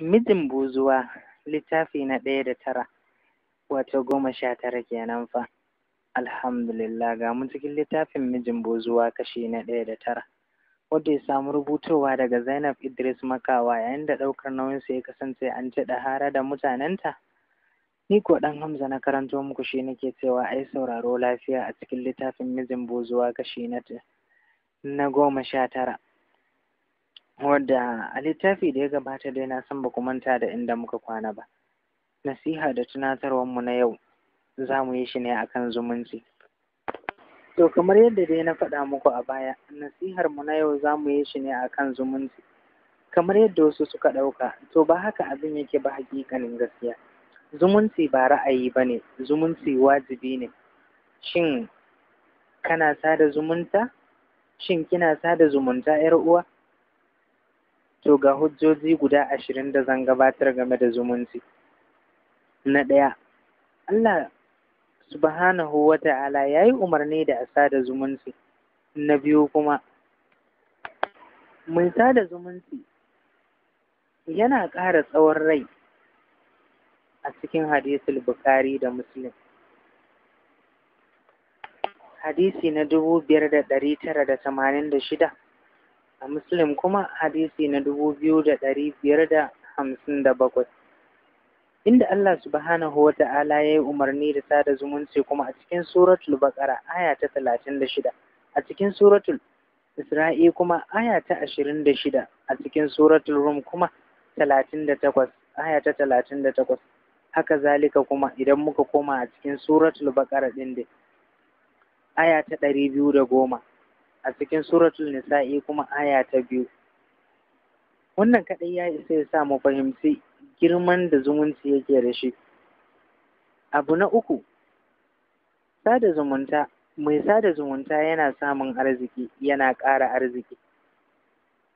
Mijin buzuwa littafi na ɗaya da tara wato goma sha tara kenan fa. Alhamdulillah ga mu cikin littafin mijin Bozuwa kashi na ɗaya da tara. Wadda ya samu rubutowa daga Zainab Idris Makawa yayin da ɗaukar nauyinsa ya kasance an ci hara da mutanenta. Ni ko ɗan Hamza na karanto muku shi nake cewa ai sauraro lafiya a cikin littafin mijin Bozuwa kashi na goma sha tara. wadda a littafi da ya gabata dai na san ba ku manta da inda muka kwana ba nasiha da tunatarwarmu na yau za mu yi shi ne akan zumunci to kamar yadda dai na faɗa muku a baya nasihar mu na yau za mu yi shi ne akan zumunci kamar yadda wasu suka ɗauka to ba haka abin yake ba hakikanin gaskiya zumunci ba ra'ayi ba ne zumunci wajibi ne shin kana sada zumunta shin kina sada zumunta 'yar uwa To ga hujjoji guda ashirin da zan gabatar game da zumunci. Na ɗaya, Allah subhanahu wa ta'ala ya yi umarni da a sada zumunci. Na biyu kuma, mun sada zumunci yana ƙara tsawon rai a cikin hadisul bukari da Muslim. Hadisi na dubu biyar da ɗari tara da tamanin da shida. a muslim kuma hadisi na dubu biyu da ɗari biyar da hamsin da bakwai inda Allah subhanahu wa ta'ala ya yi umarni da sada zumunci kuma a cikin suratul baqara aya ta talatin da shida a cikin suratul isra'i kuma aya ta ashirin da shida a cikin suratul rum kuma talatin da takwas aya ta talatin da takwas haka zalika kuma idan muka koma a cikin suratul baqara ɗin da aya ta ɗari biyu da goma a cikin suratul nisa'i kuma aya ta biyu wannan kaɗai ya isa ya sa mu fahimci girman da zumunci yake da shi abu na uku sada zumunta mai sada zumunta yana samun arziki yana ƙara arziki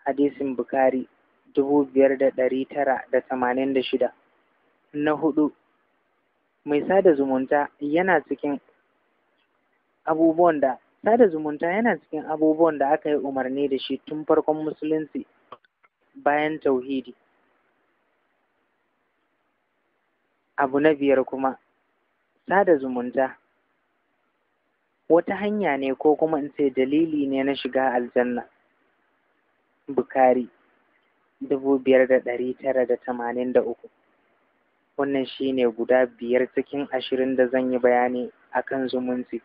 hadisin bukari dubu biyar da ɗari tara da tamanin da shida na hudu mai sada zumunta yana cikin abubuwan da sada zumunta yana cikin abubuwan da aka yi umarni da shi tun farkon musulunci bayan tauhidi abu na biyar kuma sada zumunta wata hanya ne ko kuma in ce dalili ne na shiga aljanna bukari dubu biyar da ɗari tara da tamanin da uku wannan shi ne guda biyar cikin ashirin da zan yi bayani a kan zumunci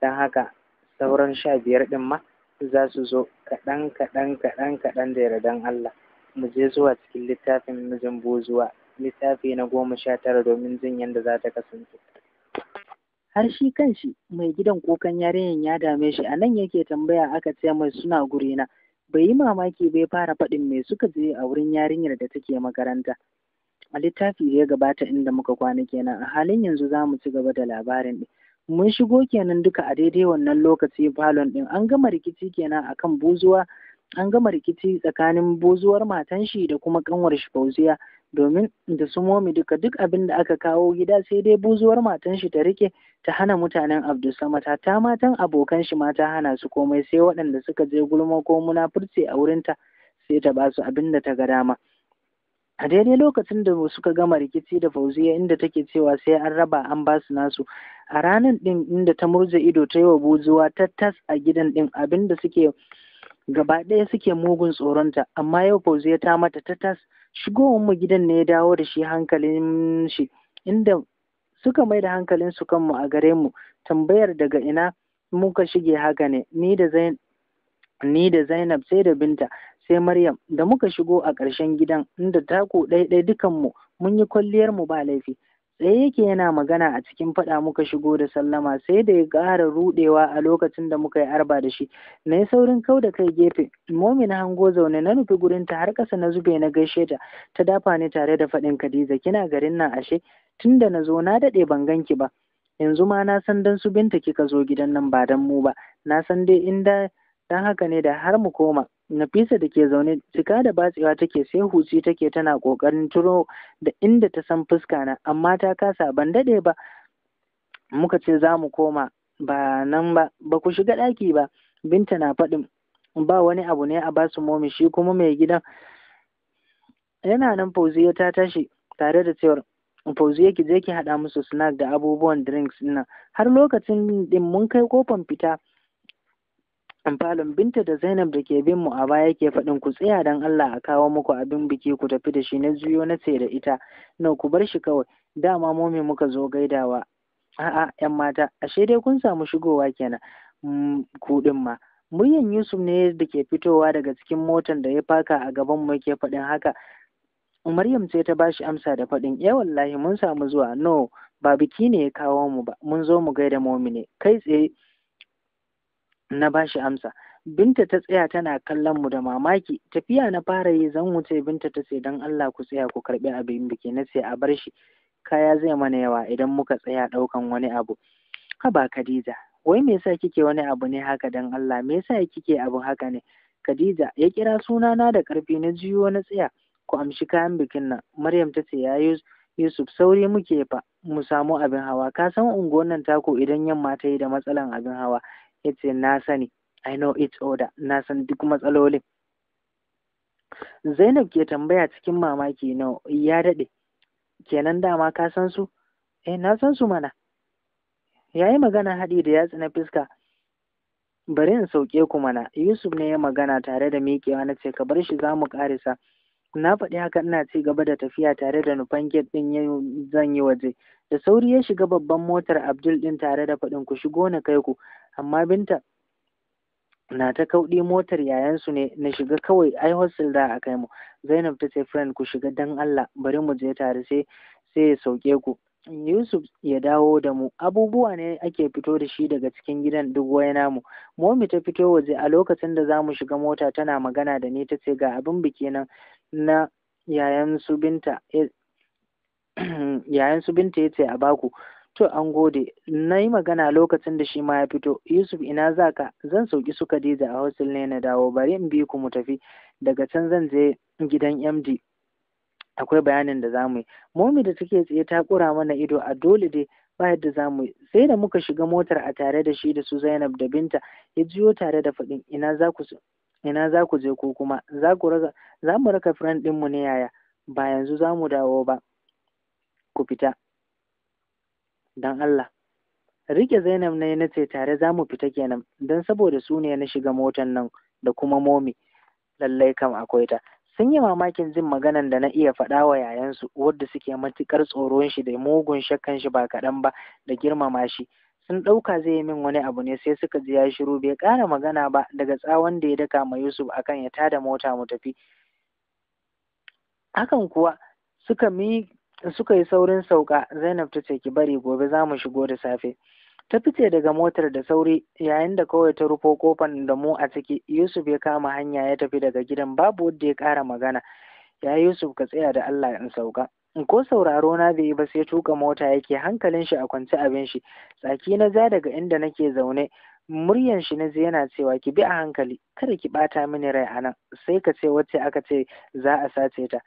don haka sauran sha biyar ɗin ma za su zo kaɗan kaɗan kaɗan kaɗan da yardan Allah mu je zuwa cikin littafin mijin bozuwa littafi na goma sha tara domin jin yadda za ta kasance har shi kanshi mai gidan kokan yarinyan ya dame shi a nan yake tambaya aka ce mai suna gurina bai yi mamaki bai fara faɗin mai suka je a wurin yarinyar da take makaranta a littafi da ya gabata inda muka kwana kenan a halin yanzu za mu ci gaba da labarin ɗin mun shigo kenan duka a daidai wannan lokaci falon ɗin an gama rikici kenan akan buzuwa an gama rikici tsakanin buzuwar matan shi da kuma kanwar shi fauziya domin da su momi duka duk abin da aka kawo gida sai dai buzuwar matan shi ta rike ta hana mutanen abdulsamata ta matan abokan shi mata hana su komai sai waɗanda suka je gulma ko munafurci a wurinta sai ta ba su abin da ta ga dama a daidai lokacin da suka gama rikici da fauziya inda take cewa sai an raba an ba su nasu a ranar din inda ta murza ido ta yi wa buzuwa ta tas a gidan din abinda suke gaba ɗaya suke mugun tsoronta amma yau fauziya ta mata ta tas shigowar mu gidan ne ya dawo da shi hankalin shi inda suka mai da hankalin su kanmu a gare mu tambayar daga ina muka shige haka ne ni da Zainab sai da binta sai Maryam da muka shigo a ƙarshen gidan inda tako ɗaiɗai dukanmu mun yi kwalliyar mu ba laifi. Tsaye yake yana magana a cikin faɗa muka shigo da sallama sai da ya ƙara ruɗewa a lokacin da muka yi arba da shi. Na yi saurin kau da kai gefe, momin hango zaune na nufi gurinta har ƙasa na zube na gaishe ta, ta dafa ni tare da faɗin Khadija kina garin nan ashe, Tunda na zo na daɗe ban ganki ba. Yanzu ma na san dan su binta kika zo gidan nan ba dan mu ba, na san dai inda dan haka ne da har mu koma. Nafisa da ke zaune cika da batsewa take sai huci take tana ƙoƙarin turo da inda ta san fuska na amma ta kasa ban daɗe ba muka ce za mu koma ba nan ba ba ku shiga ɗaki ba binta na faɗin ba wani abu ne a basu momi shi kuma mai gidan yana nan fauziya ta tashi tare da cewar fauziya ki je ki haɗa musu snack da abubuwan drinks ɗin har lokacin ɗin mun kai kofan fita falon binta da zainab da ke bin mu a baya ke faɗin ku tsaya don allah a kawo muku abin biki ku tafi da shi na juyo na ce da ita na ku bar shi kawai dama momi muka zo gaidawa a'a yan mata ashe dai kun samu shigowa kenan mm, kuɗin ma muryan yusuf ne da ke fitowa daga cikin motan da ya faka a gaban mu yake faɗin haka maryam sai ta bashi amsa da faɗin ya eh, wallahi mun samu zuwa no ba biki ne ya kawo mu ba mun zo mu gaida momi ne kai tsaye na shi amsa binta ta tsaya tana kallon mu da mamaki tafiya na fara yi zan wuce binta ta ce don Allah ku tsaya ku karɓi abin biki na ce a bar shi kaya zai mana yawa idan muka tsaya ɗaukan wani abu haba Khadija wai me yasa kike wani abu ne haka don Allah me yasa kike abu haka ne Khadija ya kira sunana da ƙarfi na jiyo na tsaya ku amshi kayan bikin nan Maryam ta ce yayi Yusuf sauri muke fa mu samu abin hawa ka san unguwan nan tako idan yamma ta yi da matsalan abin hawa ya ce na sani i know each other na san duk matsalolin zainab ke tambaya cikin mamaki na ya daɗe kenan dama ka san su eh na san su mana ya yi magana haɗi da yatsi na fuska bari in sauke ku mana yusuf ne ya magana tare da miƙewa na ce ka bar shi za mu ƙarisa na faɗi haka ina ci gaba da tafiya tare da nufan gate ɗin zan yi waje da sauri ya shiga babban motar abdul ɗin tare da faɗin ku shigo na kai ku amma binta na ta kauɗi motar yayansu ne na shiga kawai ai hostel da a kai mu zainab ta ce friend ku shiga dan allah bari mu je tare sai sai ya sauke ku yusuf ya dawo da mu abubuwa ne ake fito da shi daga cikin gidan duk wai namu momi ta fito waje a lokacin da za mu shiga mota tana magana da ni ta ce ga abin biki nan na yayan su binta eh, yayan su binta ya ce a baku To an gode, na yi magana lokacin da shi ma ya fito, Yusuf ina za ka, zan sauki su Khadija a hostel ne na dawo, bari in bi ku mu tafi, daga can zan je gidan MD. Akwai bayanin da zamu yi. Momi da take tsaye ta kura mana ido a dole dai ba yadda zamu yi. Sai da muka shiga motar a tare da shi da su Zainab da Binta ya jiyo tare da faɗin ina za ku ina za ku je ko kuma za ku raka za mu raka friend ɗinmu ne yaya ba yanzu za mu dawo ba ku fita don Allah rike Zainab ne na ce tare za mu fita kenan don saboda su ne na shiga motan nan da kuma momi lallai kam akwai ta sun yi mamakin jin maganan da na iya faɗa wa yayansu wadda suke matuƙar tsoron shi da mugun shakkan shi ba kaɗan ba da girmama shi sun ɗauka zai yi min wani abu ne sai suka ji ya shiru bai ƙara magana ba daga tsawon da ya daka ma Yusuf akan ya tada mota mu tafi hakan kuwa suka mi suka yi saurin sauka zainab ta ce ki bari gobe za mu shigo da safe ta fice daga motar da sauri yayin da kawai ta rufo kofan da mu a ciki yusuf ya kama hanya ya tafi daga gidan babu wanda ya ƙara magana ya yusuf ka tsaya da allah in sauka ko sauraro na bai ba sai tuka mota yake hankalin shi a kwance abin shi tsaki na ja daga inda nake zaune muryan shi na yana cewa ki bi a hankali kada ki bata mini rai a nan sai ka ce wacce aka ce za a sace ta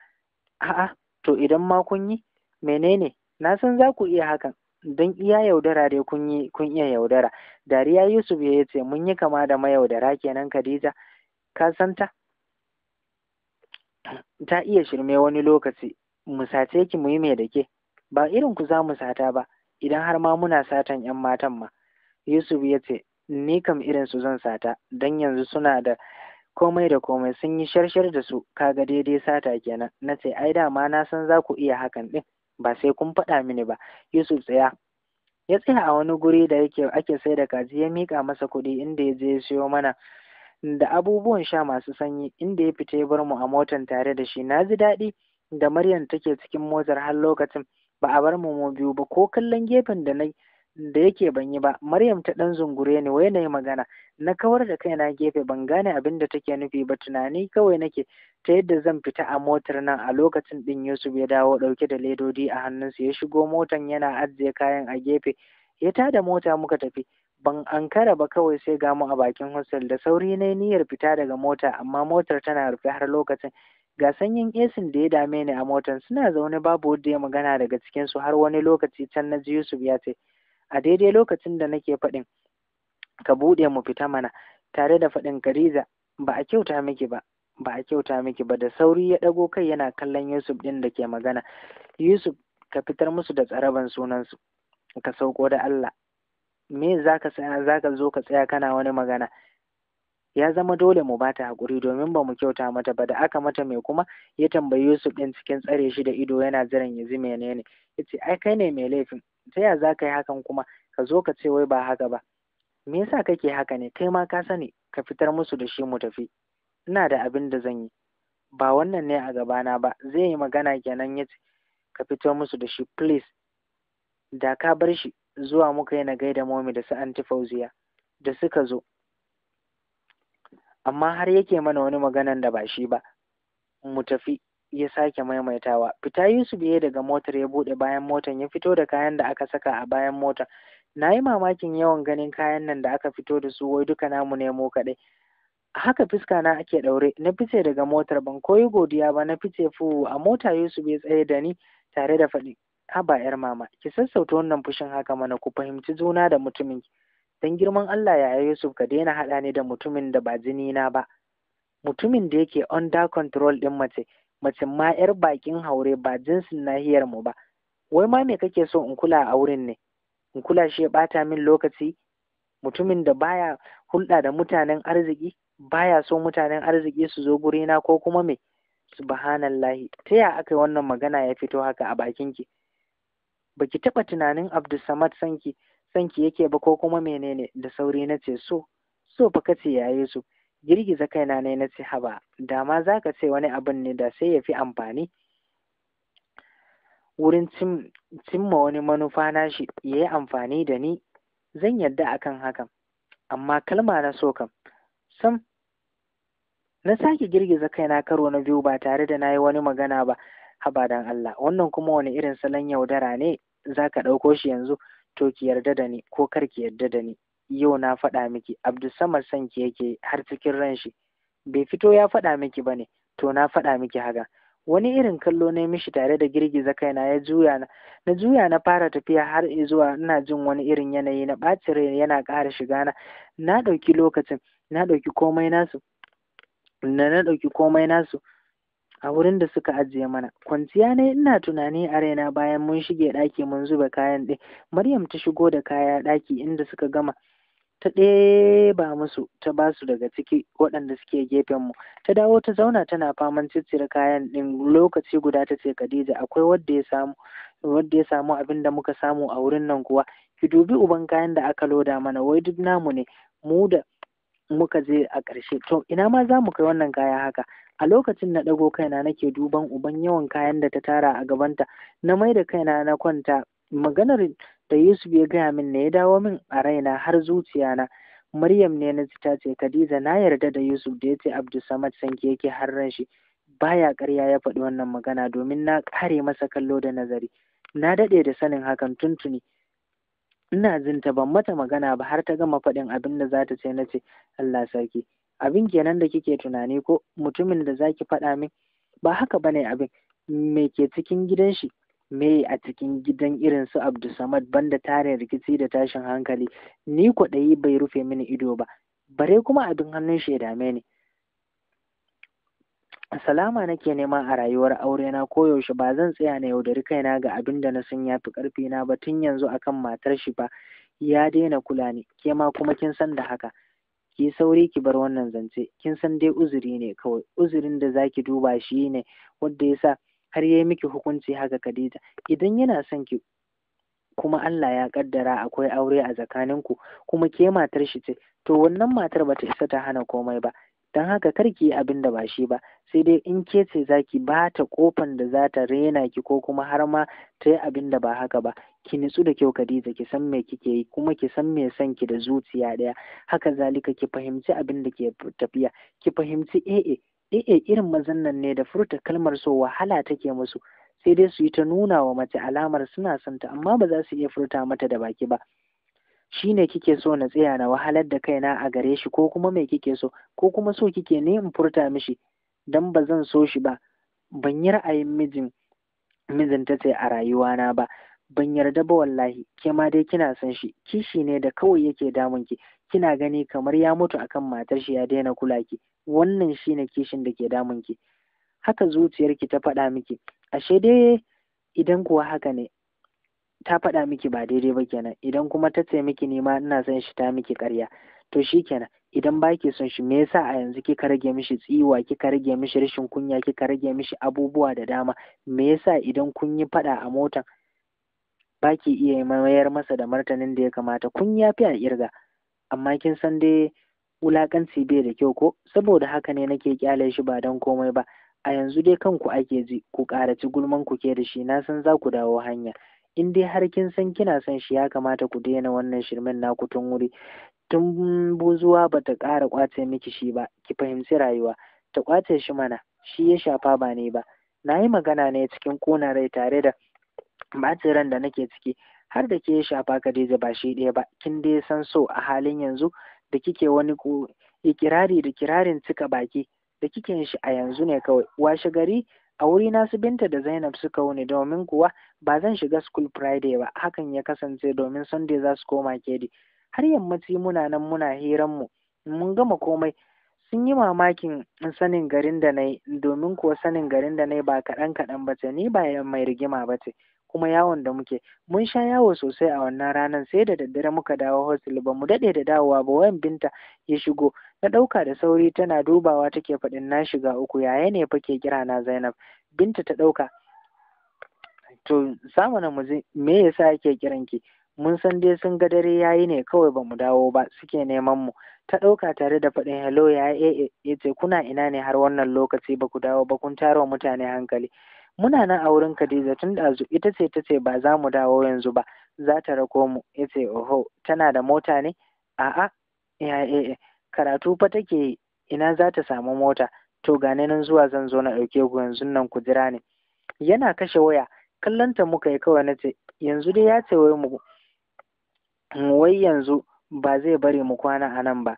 a'a to idan ma kun yi menene na san za ku iya hakan don iya yaudara dai kun yi kun iya yaudara dariya yusuf ya ce mun yi kama da mayaudara kenan khadija ka san ta ta iya shirme wani lokaci mu sace ki mu yi mai da ke ba irin ku za mu sata ba idan har ma muna satan yan matan ma yusuf ya ce ni kam irin su zan sata don yanzu suna da komai da komai sun yi sharshar da su kaga daidai sata kenan na ce ai dama na san za ku iya hakan din ba sai kun faɗa mini ba yusuf tsaya ya tsaya a wani guri da yake ake sai da kaji ya mika masa kuɗi inda ya je ya siyo mana da abubuwan sha masu sanyi inda ya fita ya bar mu a motan tare da shi na ji daɗi da maryam take cikin motar har lokacin ba a bar mu mu biyu ba ko kallon gefen da na da yake ban yi ba maryam ta dan zungure ni wai na yi magana na kawar da kaina gefe ban gane abin da take nufi ba tunani kawai nake ta yadda zan fita a motar nan a lokacin ɗin yusuf ya dawo ɗauke da ledodi a hannunsa ya shigo motan yana ajiye kayan a gefe ya tada mota muka tafi ban ankara ba kawai sai ga mu a bakin hostel da sauri na niyyar fita daga mota amma motar tana rufe har lokacin ga sanyin esin da ya dame ni a motar suna zaune babu wanda ya magana daga cikinsu har wani lokaci can na ji yusuf ya ce a daidai lokacin da nake faɗin ka buɗe mu fita mana tare da faɗin kariza ba a kyauta miki ba ba a kyauta miki ba da sauri ya ɗago kai yana kallon yusuf ɗin da ke magana yusuf ka fitar musu da tsaraban sunansu ka sauko da allah me za ka tsaya za zo ka tsaya kana wani magana ya zama dole mu bata hakuri domin ba mu kyauta mata ba da aka mata mai kuma ya tambayi Yusuf ɗin cikin tsare shi da ido yana jiran ya menene yace ai kai ne mai laifin ta ya za ka yi hakan kuma ka zo ka ce wai ba haka ba me yasa kake haka ne kai ma ka sani ka fitar musu da shi mu tafi ina da abin da zan yi ba wannan ne a gabana ba zai yi magana kenan ya ce ka fitar musu da shi please da ka bar shi zuwa muka yi na gaida momi da su anti fauziya da suka zo amma har yake mana wani maganan da ba shi ba mu tafi ya sake maimaitawa fita Yusuf ya daga motar ya buɗe bayan motar ya fito da kayan da aka saka a bayan mota. na yi mamakin yawan ganin kayan nan da aka fito da su wai duka namu nemo kaɗai a haka fuska na ake ɗaure na fice daga motar ban koyi godiya ba na fice fu a mota Yusuf ya tsaye da ni tare da faɗi haba yar mama ki sassauta wannan fushin haka mana ku fahimci juna da mutumin dan girman Allah ya Yusuf ka daina haɗa ne da mutumin da ba jini na ba mutumin da yake under control ɗin mace mace ma yar bakin haure ba jinsin nahiyar mu ba wai ma me kake so in kula a wurin ne in kula shi ya bata min lokaci mutumin da baya hulɗa da mutanen arziki baya so mutanen arziki su zo na ko kuma me subhanallahi ta ya aka yi wannan magana ya fito haka a bakin ki? baki taɓa tunanin abdulsamad sanki sanki yake ba ko kuma menene da sauri na ce so so fa kace yaye su girgiza kaina ne na siha haba da ma za ka ce wani abin ne da sai ya fi amfani wurin cimma wani manufa na shi ya yi amfani da ni zan yadda akan hakan amma kalma na so kam sam na sake girgiza kaina karo na biyu ba tare da na yi wani magana ba haba dan Allah wannan kuma wani irin salon yaudara ne za ka ɗauko shi yanzu to ki yarda da ni ko kar ki yarda da ni yau na faɗa miki Abdulsamad son sanki yake har cikin ran shi bai fito ya faɗa miki bane to na faɗa miki haka wani irin kallo ne mishi tare da girgiza kaina ya juya na na juya na fara tafiya har zuwa ina jin wani irin yanayi na ɓacin rai yana ƙara shiga na na ɗauki lokacin na ɗauki komai nasu na na ɗauki komai nasu a wurin da suka ajiye mana kwanciya ne ina tunani a raina bayan mun shige ɗaki mun zuba kayan ɗin maryam ta shigo da kaya ɗaki inda suka gama ta ɗeba musu ta ba su daga ciki waɗanda suke gefen mu. ta dawo ta zauna tana faman ciccire kayan ɗin lokaci guda ta ce Khadija akwai wadda ya samu wadda ya samu abin da muka samu a wurin nan kuwa ki dubi uban kayan da aka loda mana wai duk namu ne mu da muka je a ƙarshe to ina ma za mu kai wannan kaya haka a lokacin na ɗago kaina nake duban uban yawan kayan da ta tara a gabanta na mai da kaina na kwanta maganar da Yusuf ya gaya min ne ya dawo min a raina har zuciya na Maryam ne na ta ce Khadija na yarda da Yusuf da ya Abdul Samad ke yake har ran shi baya ƙarya ya faɗi wannan magana domin na kare masa kallo da nazari na daɗe da sanin hakan tuntuni ina jin ta ban mata magana ba har ta gama faɗin abin da za ta ce na ce Allah sarki abin kenan da kike tunani ko mutumin da zaki faɗa min ba haka bane abin me ke cikin gidan shi me a cikin gidan irin su Abdulsamad banda tarin rikici da tashin hankali ni kwaɗayi bai rufe mini ido ba bare kuma abin hannun shi ya dame ni salama nake nema a rayuwar aurena koyaushe ba zan tsaya na yaudari kaina ga abin da na san ya fi ƙarfi na ba tun yanzu akan matar shi ba ya daina kula ni ke ma kuma kin san da haka ki sauri ki bar wannan zance kin san dai uzuri ne kawai uzurin da zaki duba shi ne wanda yasa har yi miki hukunci haka Khadija idan yana son ki kuma Allah ya ƙaddara akwai aure a tsakaninku kuma ke matar shi ce to wannan matar bata isa ta hana komai ba dan haka kar ki yi abin da ba shi ba sai dai in ke ce za ki ba ta kofan da za ta rena ki ko kuma har ma ta yi abin da ba haka ba ki nitsu da kyau Khadija ki san me kike yi kuma ki san me son ki da zuciya ɗaya haka zalika ki fahimci abin da ke tafiya ki fahimci eh, eh E'e, irin mazan nan ne da furta kalmar so wahala take musu sai dai su yi ta nuna wa mace alamar suna santa, amma ba za su iya furta mata da baki ba shi ne kike so na tsaya na wahalar da kaina a gare shi ko kuma me kike so ko kuma so kike ne in furta mishi dan ba zan so shi ba ban yi ra'ayin mijin mijin ta ce a rayuwana ba ban yarda ba wallahi ke ma dai kina son shi kishi ne da kawai yake damun ki kina gani kamar ya mutu akan matar shi ya daina kula ki wannan shine kishin da ke damun ki haka zuciyarki ta faɗa miki ashe dai idan kuwa haka ne ta faɗa miki ba daidai ba kenan idan kuma ta ce miki nima ma ina son shi ta miki ƙarya to shi kenan idan ba ki son shi me yasa a yanzu kika rage mishi tsiwa kika rage mishi rashin kunya kika rage mishi abubuwa da dama me yasa idan kun yi faɗa a motan ba ki iya mayar masa da martanin da ya kamata kun yafi a irga amma kin san dai wulakanci bai da kyau ko saboda haka ne nake kyale shi ba don komai ba a yanzu dai kanku ake ji ku karaci gulman ku ke da shi na san za ku dawo hanya in dai har kin san kina son shi ya kamata ku daina wannan shirmen naku tun wuri tun buzuwa ba ta ƙara ƙwace miki shi ba ki fahimci rayuwa ta ƙwace shi mana shi ya shafa ba ne ba na yi magana ne cikin ƙona rai tare da ɓacin ran da nake ciki har da ke shafa Khadija ba shi ɗaya ba kin dai san so a halin yanzu da kike wani ko ikirari da kirarin cika baki da kike yin shi a yanzu ne kawai washe gari a wuri nasu binta da Zainab suka wuni domin kuwa ba zan shiga school Friday ba hakan ya kasance domin Sunday za su koma kedi har yammaci muna nan muna hiran mu mun gama komai sun yi mamakin sanin garin da na yi domin kuwa sanin garin da na yi ba kaɗan kaɗan bace, ni ba mai rigima bace. kuma yawon da muke mun sha yawo sosai a wannan ranar sai da daddare muka dawo hostel ba mu daɗe da dawowa ba wayan binta ya shigo na ɗauka da sauri tana dubawa take faɗin na shiga uku yaya ne fa ke kira na zainab binta ta ɗauka to na mu me yasa ake kiranki mun san dai sun ga dare yayi ne kawai ba mu dawo ba suke neman mu ta ɗauka tare da faɗin hello ya ce kuna ina ne har wannan lokaci ba ku dawo ba kun tara mutane hankali muna nan a wurin Khadija tun zu ita ce ta ce ba za mu dawo yanzu ba za ta rako mu ya ce oho tana da mota ne a'a ya e karatu fa take ina za ta samu mota to gane nan zuwa zan zo na dauke ku yanzu nan ku jira ne yana kashe waya kallonta muka yi kawai na ce yanzu dai ya ce wai mu wai yanzu ba zai bari mu kwana a nan ba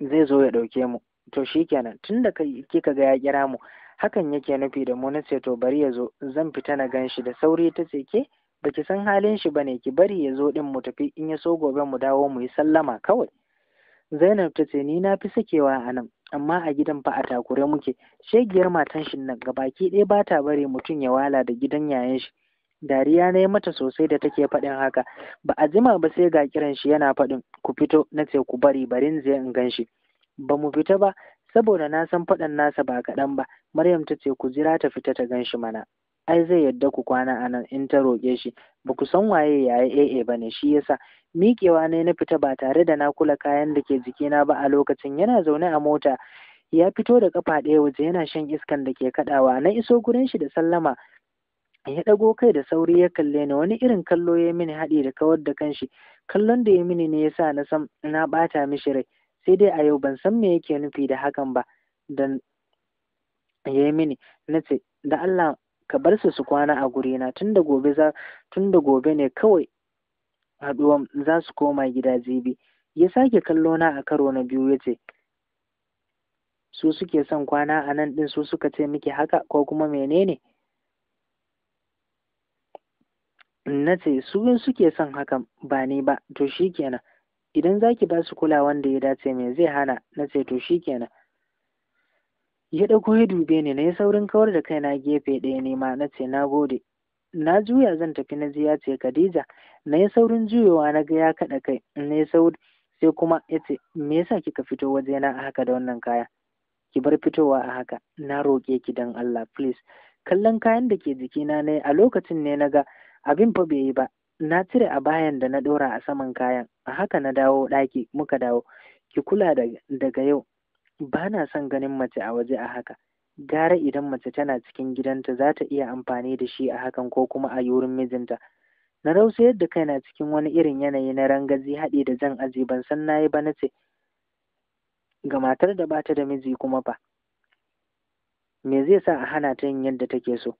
zai zo ya dauke mu to shikenan tun da kika ga ya kira mu hakan yake nufi da mu na ce to bari ya zo zan fita na gan shi da sauri ta ce ke baki san halin shi ba ne, ki bari ya zo din mu tafi in ya so gobe mu dawo mu yi sallama kawai Zainab ta ce ni na fi sakewa a nan amma a gidan fa a takure muke shegiyar matan shi nan gabaki ɗaya ba ta bare mutum ya wala da gidan yayan shi dariya ne mata sosai da take faɗin haka ba a jima ba sai ga kiran shi yana faɗin ku fito na ce ku bari barin zai in gan shi ba mu fita ba saboda na san faɗan nasa ba kaɗan ba maryam ta ce ku jira ta fita ta gan shi mana ai zai yadda ku kwana a nan in ta roƙe shi ba ku san waye ya yaya aa ba ne shi yasa miƙewa ne na fita ba tare da na kula kayan da ke jikina ba a lokacin yana zaune a mota ya fito da kafa ɗaya waje yana shan iskan da ke kaɗawa na iso gurin shi da sallama ya ɗago kai da sauri ya kalle ni wani irin kallo ya mini haɗi da kawar da kanshi kallon da ya mini ne yasa na san na ɓata mishi rai sai dai a yau ban san me yake nufi da hakan ba dan ya yi mini na ce da Allah ka bar su su kwana a gurina tun da gobe za tun gobe ne kawai haduwan za su koma gida jibi ya sake kallo na a karo na biyu ya ce su suke son kwana a nan din su suka ce miki haka ko kuma menene na ce su suke son hakan ba ni ba to shi kenan idan za ki ba su kula wanda ya dace mai zai hana na ce shi kenan. ya ɗauko ya dube ni na yi saurin kawar da kaina gefe ɗaya nema na ce na gode na juya zan tafi na ji ya ce Khadija na yi saurin juyowa na ga ya kaɗa kai na yi sauri sai kuma ya ce me yasa kika fito waje na a haka da wannan kaya ki bar fitowa a haka na roƙe ki dan Allah please kallon kayan da ke jikina ne a lokacin ne na ga abin fa bai yi ba na cire a bayan da na ɗora a saman kayan a haka na dawo ɗaki muka dawo ki kula daga yau ba na son ganin mace a waje a haka gara idan mace tana cikin gidanta za ta iya amfani da shi a hakan ko kuma a yurin mijinta na rausa yadda na cikin wani irin yanayi na rangazi haɗi da jan aji ban san yi ba na ce ga matar da bata da miji kuma ba me zai sa a hana ta yin yadda take so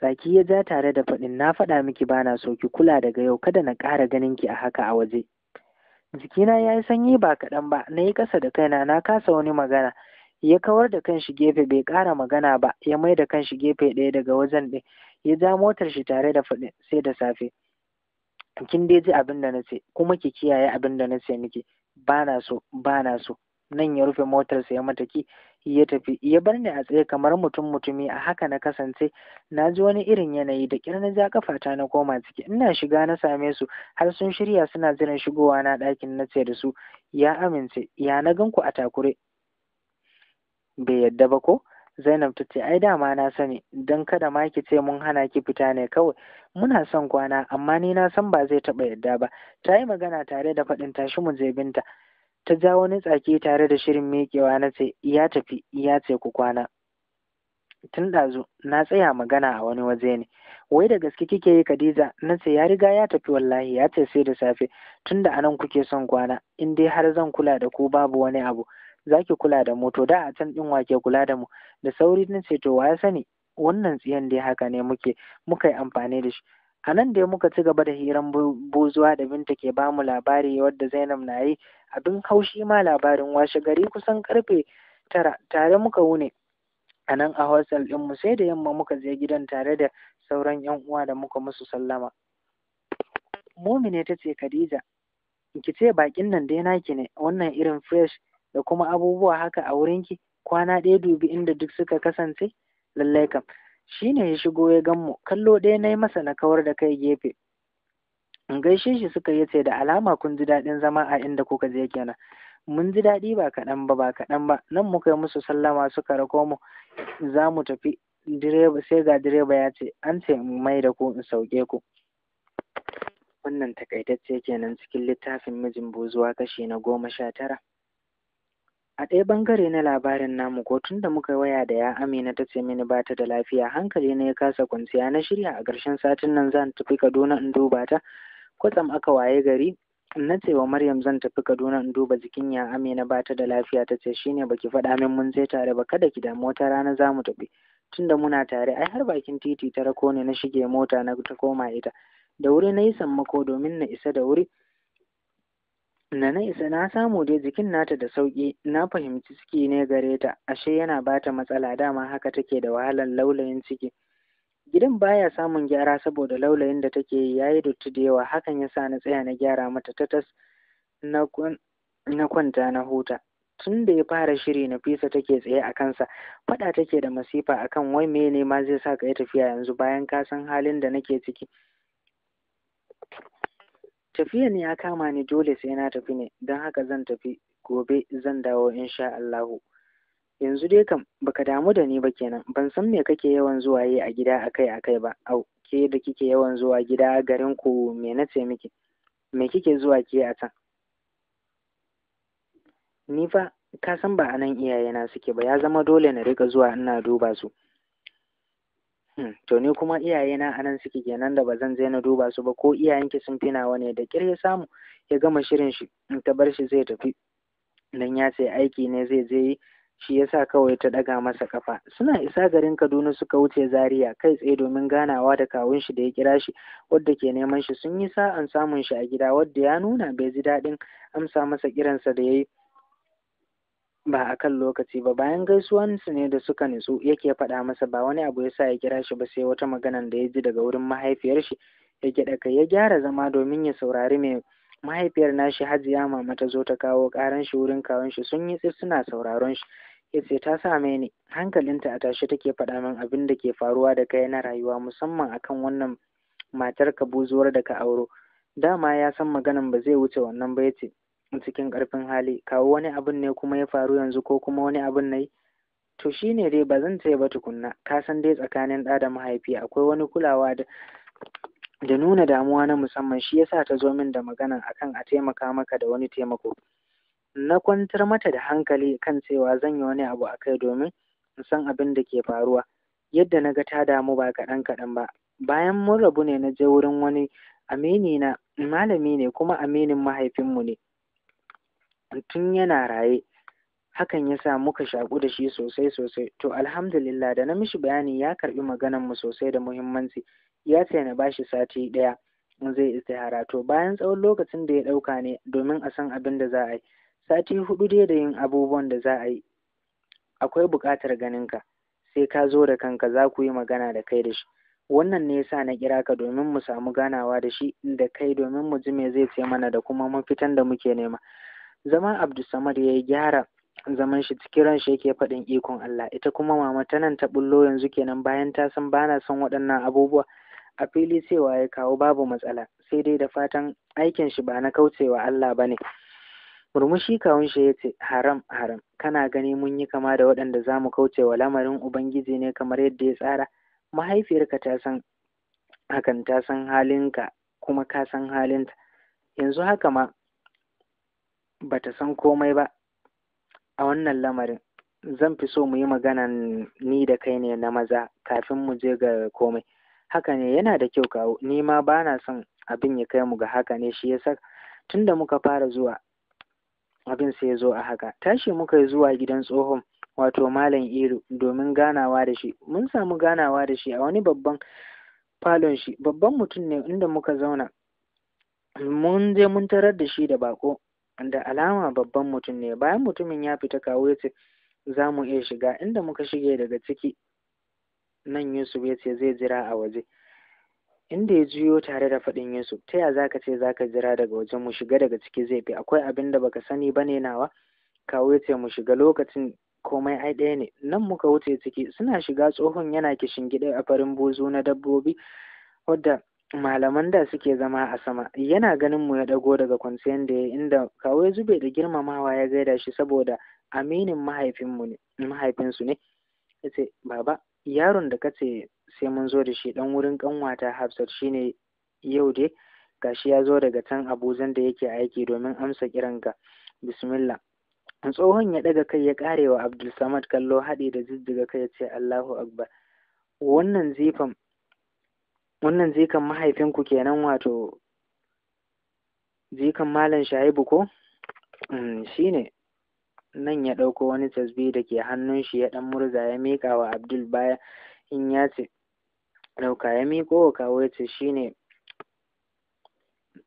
Saki ya ja tare da faɗin na faɗa miki bana so ki kula daga yau kada na ƙara ganin ki a haka a waje. Jikina ya yi sanyi ba kaɗan ba, na yi ƙasa da kaina na kasa wani magana. Ya kawar da kanshi gefe bai ƙara magana ba, ya mai da kanshi gefe ɗaya daga wajen ɗin. Ya ja motar shi tare da faɗin sai da safe. Kin dai ji abin da na ce, kuma ki kiyaye abin da na ce miki. Ba so, ba na so. nan ya rufe motarsa ya mataki, ki ya tafi ya bar ni a tsaye kamar mutum mutumi a haka na kasance na ji wani irin yanayi da kirna na ja ta na koma ciki ina shiga na same su har sun shirya suna jiran shigowa na ɗakin na ce da su ya amince ya na ganku a takure bai yadda ba ko Zainab ta ce ai dama na sani don kada ma ki ce mun hana ki fita ne kawai muna son kwana amma ni na san ba zai taɓa yadda ba ta yi magana tare da faɗin tashi mu je binta ta ja wani tsaki tare da shirin miƙewa na ce ya tafi ya ce ku kwana tun ɗazu na tsaya magana a wani waje ne wai da gaske kike yi Khadija na ce ya riga ya tafi wallahi ya ce sai da safe tunda anan kuke son kwana in dai har zan kula da ku babu wani abu zaki kula da mu to da a can din wake kula da mu da sauri na ce to ya sani wannan tsiyan dai haka ne muke muka yi amfani da shi a nan dai muka ci gaba da hiran buzuwa da binta ke bamu labari wadda Zainab na yi abin haushi ma labarin washe gari kusan karfe tara tare muka wune a nan a hostel mu sai da yamma muka je gidan tare da sauran yan uwa da muka musu sallama mumine ta ce khadija ki ce bakin nan dai naki ne wannan irin fresh da kuma abubuwa haka a wurin ki? kwana ɗaya dubi inda duk suka kasance lallai kam shi ne ya shigo ya gan kallo ɗaya na yi masa na kawar da kai gefe in gaishe shi suka ce da alama kun ji daɗin zama a inda kuka je kenan mun ji daɗi ba kaɗan ba ba kaɗan ba nan muka yi musu sallama suka rako mu za mu tafi direba sai ga direba ya ce an ce in mai da ku in sauke ku wannan takaitacce kenan cikin littafin mijin buzuwa kashi na goma sha tara a ɗaya bangare na labarin namu ko tun da muka waya da ya amina ta ce mini ba ta da lafiya hankali ne ya kasa kwanciya na shirya a ƙarshen satin nan zan tafi kaduna in duba ta Kwatsam aka waye gari na ce wa Maryam zan tafi Kaduna in duba jikin ya Amina ba ta da lafiya ta ce shine baki faɗa min mun je tare ba kada ki damu wata rana za mu tafi tunda muna tare ai har bakin titi ta rako ne na shige mota na ta koma ita da wuri na yi sammako domin na isa da wuri na na isa na samu dai jikin nata da sauki na fahimci ciki ne gare ta ashe yana bata matsala dama haka take da wahalar laulayin ciki Gidan baya samun gyara saboda laulayin da take yi yayi dotti da yawa hakan yasa na tsaya na gyara mata ta tas na kwanta na huta. Tun da ya fara shiri Nafisa take tsaye a kansa, faɗa take da masifa akan wai me ne ma zai sa ka yi tafiya yanzu bayan ka san halin da nake ciki. Tafiya ne ya kama ni dole sai na tafi ne, don haka zan tafi gobe zan dawo insha Allahu. yanzu dai kam baka damu da ni ba kenan ban san me kake yawan zuwa yi a gida akai akai ba au ke da kike yawan zuwa gida garin ku me na ce miki me kike zuwa ke a can ni fa ka san ba anan iyayena suke ba ya zama dole na rika zuwa ina duba su hmm, to ni kuma iyayena anan suke kenan da ba zan je na duba su ba ko iyayenki sun fi nawa ne da kyar samu ya gama shirin shi in ta bar shi zai tafi dan ya sai aiki ne zai je yi shi yasa kawai ta ɗaga masa ƙafa? suna isa garin kaduna suka wuce zaria kai tsaye domin ganawa da kawun shi da ya kira shi wadda ke neman shi sun yi sa'an samun shi a gida wadda ya nuna bai ji daɗin amsa masa kiransa da ya yi ba a kan lokaci ba bayan gaisuwansu ne da suka nutsu yake faɗa masa ba wani abu yasa ya kira shi ba sai wata maganan da ya ji daga wurin mahaifiyar shi ya gyaɗa kai ya gyara zama domin ya saurari mai mahaifiyar nashi hajiya mama ta zo ta kawo ƙaran shi wurin kawun shi sun yi tsir suna sauraron shi ya ce ta same ni hankalinta a tashi take faɗa min abin da ke faruwa da kai na rayuwa musamman akan wannan matar ka buzuwar da ka auro dama ya san maganan ba zai wuce wannan ba yace cikin ƙarfin hali kawo wani abin ne kuma ya faru yanzu ko kuma wani abin ne to shine dai ba zan ce ba tukunna ka san dai tsakanin ɗa da mahaifi akwai wani kulawa da da nuna damuwa na musamman shi yasa ta zo min da maganan akan a taimaka maka da wani taimako na kwantar mata da hankali kan cewa zan yi wani abu a kai domin in san abin da ke faruwa yadda na ga ta damu ba kaɗan kaɗan ba bayan mun rabu ne na je wurin wani amini na malami ne kuma aminin mahaifinmu ne tun yana raye hakan ya sa muka shaƙu da shi sosai sosai to alhamdulillah da na mishi bayani ya karɓi maganan mu sosai da muhimmanci ya ce na ba shi sati ɗaya zai istihara to bayan tsawon lokacin da ya ɗauka ne domin a san abin da za a yi sati hudu dai da yin abubuwan da za a yi akwai buƙatar ganinka sai ka zo da kanka za ku yi magana da kai da shi wannan ne yasa na kira ka domin mu samu ganawa da shi da kai domin mu ji me zai ce mana da kuma mafitan da muke nema zama abdulsamad ya yi gyara zaman shi cikin ran shi yake faɗin ikon Allah ita kuma mama ta nan ta bullo yanzu kenan bayan ta san bana son waɗannan abubuwa a fili cewa ya kawo babu matsala sai dai da fatan aikin shi ba na kaucewa Allah bane murmushi kawunshi ya ce haram haram kana gani mun yi kama da waɗanda za mu kauce wa lamarin ubangiji ne kamar yadda ya tsara mahaifiyarka ta san hakan ta san halinka kuma ka san halinta yanzu haka ma ba ta san komai ba a wannan lamarin zan fi so mu yi maganan ni da kai ne na maza kafin mu je ga komai haka ne yana da kyau kawo ni ma ba na son abin ya kai mu ga haka ne shi ya tun da muka fara zuwa abin sai ya zo a haka tashi muka yi zuwa gidan tsohon wato malam iru domin ganawa da shi mun samu ganawa da shi a wani babban falon shi babban mutum ne inda muka zauna mun je mun tarar da shi da bako da alama babban mutum ne bayan mutumin ya fita kawo ya ce za mu iya shiga inda muka shige daga ciki nan yusuf ya ce zai jira a waje inda ya juyo tare da faɗin Yusuf ta ya zaka ce zaka jira daga wajen mu shiga daga ciki zai fi akwai abin da baka sani ba ne, nawa kawo ce mu shiga lokacin komai ai ɗaya ne nan muka wuce ciki suna shiga tsohon yana kishin gida a farin buzu na dabbobi wadda malaman da suke zama a sama yana ganin mu ya ɗago daga kwanciyar da ya inda kawo ya zube da girmamawa ya gaida shi saboda aminin mahaifinsu ne ya ce baba yaron da kace sai mun zo da shi dan wurin kanwata Hafsat shine yau dai gashi ya zo daga can Abuzan da yake aiki domin amsa kiranka bismillah tsohon ya daga kai ya karewa Abdul Samad kallo haɗi da jijjiga kai ya ce Allahu Akbar wannan zifan wannan zikan mahaifinku kenan wato zikan malam Shaibu ko mm, shine nan ya ɗauko wani tasbi da ke hannun shi ya ɗan murza ya miƙa wa Abdul baya in ya ce ɗauka ya miƙo wa kawo ya ce shi ne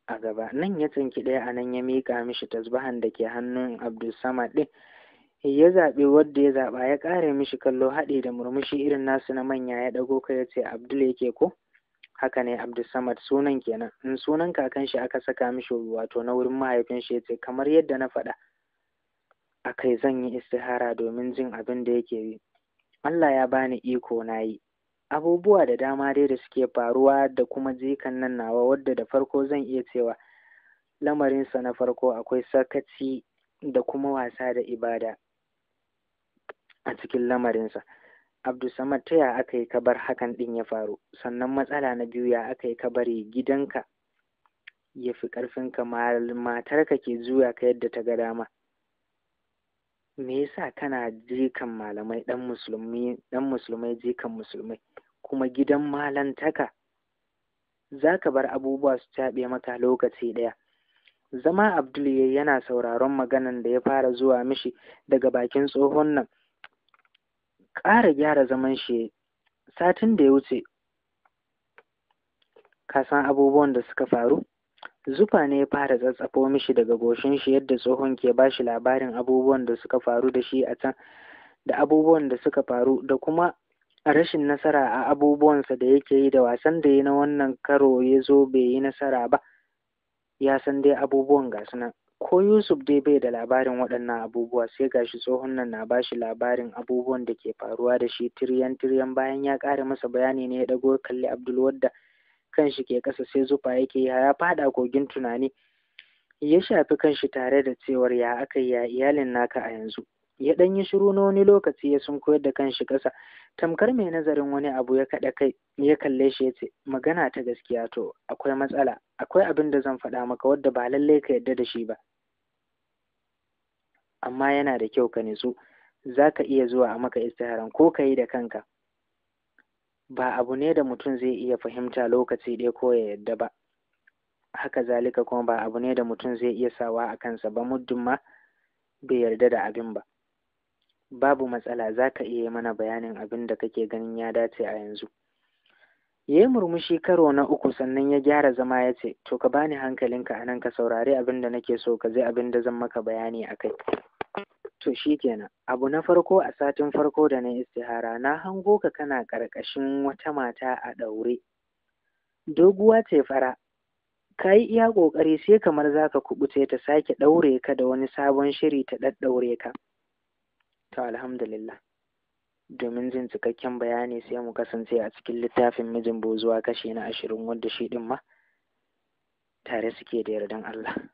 a gaba nan ya tsinki ɗaya a nan ya miƙa mishi tasbahan da ke hannun Abdul Samad ɗin ya zaɓi wadda ya zaɓa ya ƙare mishi kallo haɗi da murmushi irin nasu na manya ya ɗago kai ya ce Abdul yake ko haka ne Abdul Abdulsamad sunan kenan in sunan kakan shi aka saka mishi wato na wurin mahaifin shi ce kamar yadda na faɗa a kai zan yi istihara domin jin abin da yake yi Allah ya bani iko na yi abubuwa da dama dai da suke faruwa da kuma jikan nan nawa wadda da farko zan iya cewa lamarinsa na farko akwai sakaci da kuma wasa da ibada a cikin lamarinsa abdulsamad ta ya aka yi kabar hakan ɗin ya faru sannan matsala na biyu ya aka yi kabar gidanka ya fi ƙarfinka matarka ke juya ka yadda ta ga dama me yasa kana jikan malamai dan musulmi dan musulmai jikan musulmai kuma gidan malantaka za ka bar abubuwa su caɓe maka lokaci ɗaya zama abdul yayi yana sauraron maganan da ya fara zuwa mishi daga bakin tsohon nan ƙara gyara zaman shi satin da ya wuce ka san abubuwan da suka faru zufa ne ya fara tsatsafo mishi daga goshin shi yadda tsohon ke ba shi labarin abubuwan da suka faru da shi a can da abubuwan da suka faru da kuma rashin nasara a abubuwansa da yake yi da wasan da ya na wannan karo ya zo bai yi nasara ba ya san dai abubuwan ga nan ko yusuf dai bai da labarin waɗannan abubuwa sai gashi tsohon nan na ba shi labarin abubuwan da ke faruwa da shi tiryan tiryan bayan ya ƙara masa bayani ne ya ɗago kalli abdul wadda kanshi ke ƙasa sai zufa yake yi ya faɗa kogin tunani ya shafi kanshi tare da cewar ya aka ya iyalin naka a yanzu ya ɗan yi shiru na wani lokaci ya sun koyar da kanshi ƙasa tamkar mai nazarin wani abu ya kaɗa kai ya kalle shi ya ce magana ta gaskiya to akwai matsala akwai abin da zan faɗa maka wadda ba lallai ka yarda da shi ba amma yana da kyau ka nitsu za ka iya zuwa a maka istiharan ko ka yi da kanka ba abu ne da mutum zai iya fahimta lokaci ɗaya ko ya yadda ba haka zalika kuma ba abu ne da mutum zai iya sawa a kansa ba muddin ma bai yarda da abin ba babu matsala za ka iya mana bayanin abin da kake ganin ya dace a yanzu ya yi murmushi karo na uku sannan ya gyara zama ya ce to ka bani hankalinka a nan ka saurari abin da nake so ka je abin da zan maka bayani a kai To shi kenan. Abu na farko a satin farko da na istihara na hango ka kana ƙarƙashin wata mata a ɗaure. Doguwa ce fara, ka yi iya ƙoƙari sai kamar za ka kuɓuce ta sake ɗaure ka da wani sabon shiri ta ɗaɗɗaure ka. To alhamdulillah. Domin jin cikakken bayani sai mu kasance a cikin littafin mijin bozuwa kashi na ashirin wanda shi ɗin ma tare suke da yardan Allah.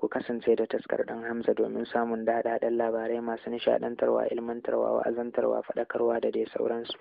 ku kasance da taskar ɗan Hamza domin samun daɗaɗɗen labarai masu nishaɗantarwa, ilmantarwa, wa'azantarwa, faɗakarwa da dai sauransu.